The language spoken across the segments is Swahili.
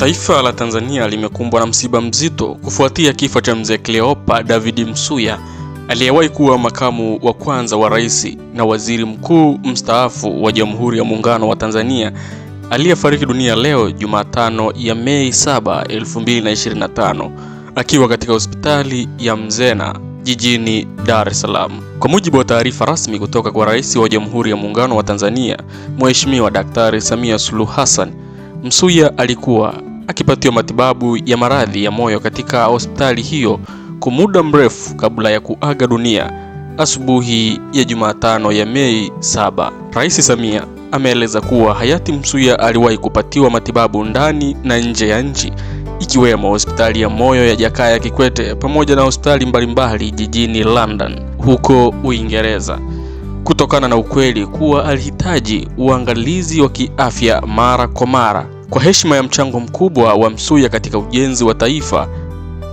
Taifa la Tanzania limekumbwa na msiba mzito kufuatia kifo cha mzee Cleopa David Msuya aliyewahi kuwa makamu wa kwanza wa rais na waziri mkuu mstaafu wa Jamhuri ya Muungano wa Tanzania aliyefariki dunia leo Jumatano ya Mei 7, 2025 akiwa katika hospitali ya Mzena jijini Dar es Salaam. Kwa mujibu wa taarifa rasmi kutoka kwa Rais wa Jamhuri ya Muungano wa Tanzania, Mheshimiwa Daktari Samia Suluhu Hassan, Msuya alikuwa akipatiwa matibabu ya maradhi ya moyo katika hospitali hiyo kwa muda mrefu kabla ya kuaga dunia asubuhi ya Jumatano ya Mei 7. Rais Samia ameeleza kuwa hayati Msuya aliwahi kupatiwa matibabu ndani na nje ya nchi ikiwemo hospitali ya moyo ya Jakaya Kikwete pamoja na hospitali mbalimbali jijini London huko Uingereza kutokana na ukweli kuwa alihitaji uangalizi wa kiafya mara kwa mara. Kwa heshima ya mchango mkubwa wa Msuya katika ujenzi wa taifa,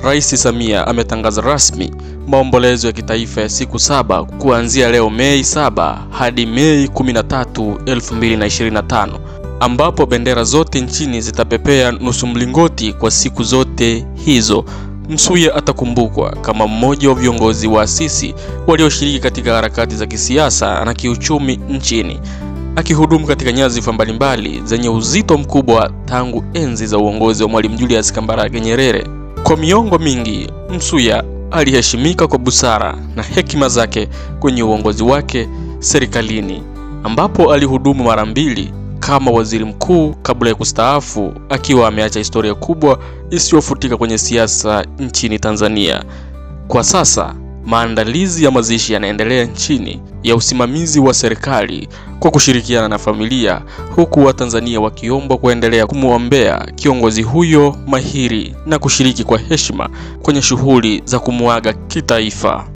Rais Samia ametangaza rasmi maombolezo ya kitaifa ya siku saba kuanzia leo Mei 7 hadi Mei 13, 2025 ambapo bendera zote nchini zitapepea nusu mlingoti kwa siku zote hizo. Msuya atakumbukwa kama mmoja wa viongozi waasisi walioshiriki katika harakati za kisiasa na kiuchumi nchini akihudumu katika nyadhifa mbalimbali zenye uzito mkubwa tangu enzi za uongozi wa Mwalimu Julius Kambarage Nyerere. Kwa miongo mingi, Msuya aliheshimika kwa busara na hekima zake kwenye uongozi wake serikalini, ambapo alihudumu mara mbili kama waziri mkuu kabla ya kustaafu, akiwa ameacha historia kubwa isiyofutika kwenye siasa nchini Tanzania. Kwa sasa Maandalizi ya mazishi yanaendelea nchini ya usimamizi wa serikali kwa kushirikiana na familia, huku Watanzania wakiomba kuendelea kumwombea kiongozi huyo mahiri na kushiriki kwa heshima kwenye shughuli za kumuaga kitaifa.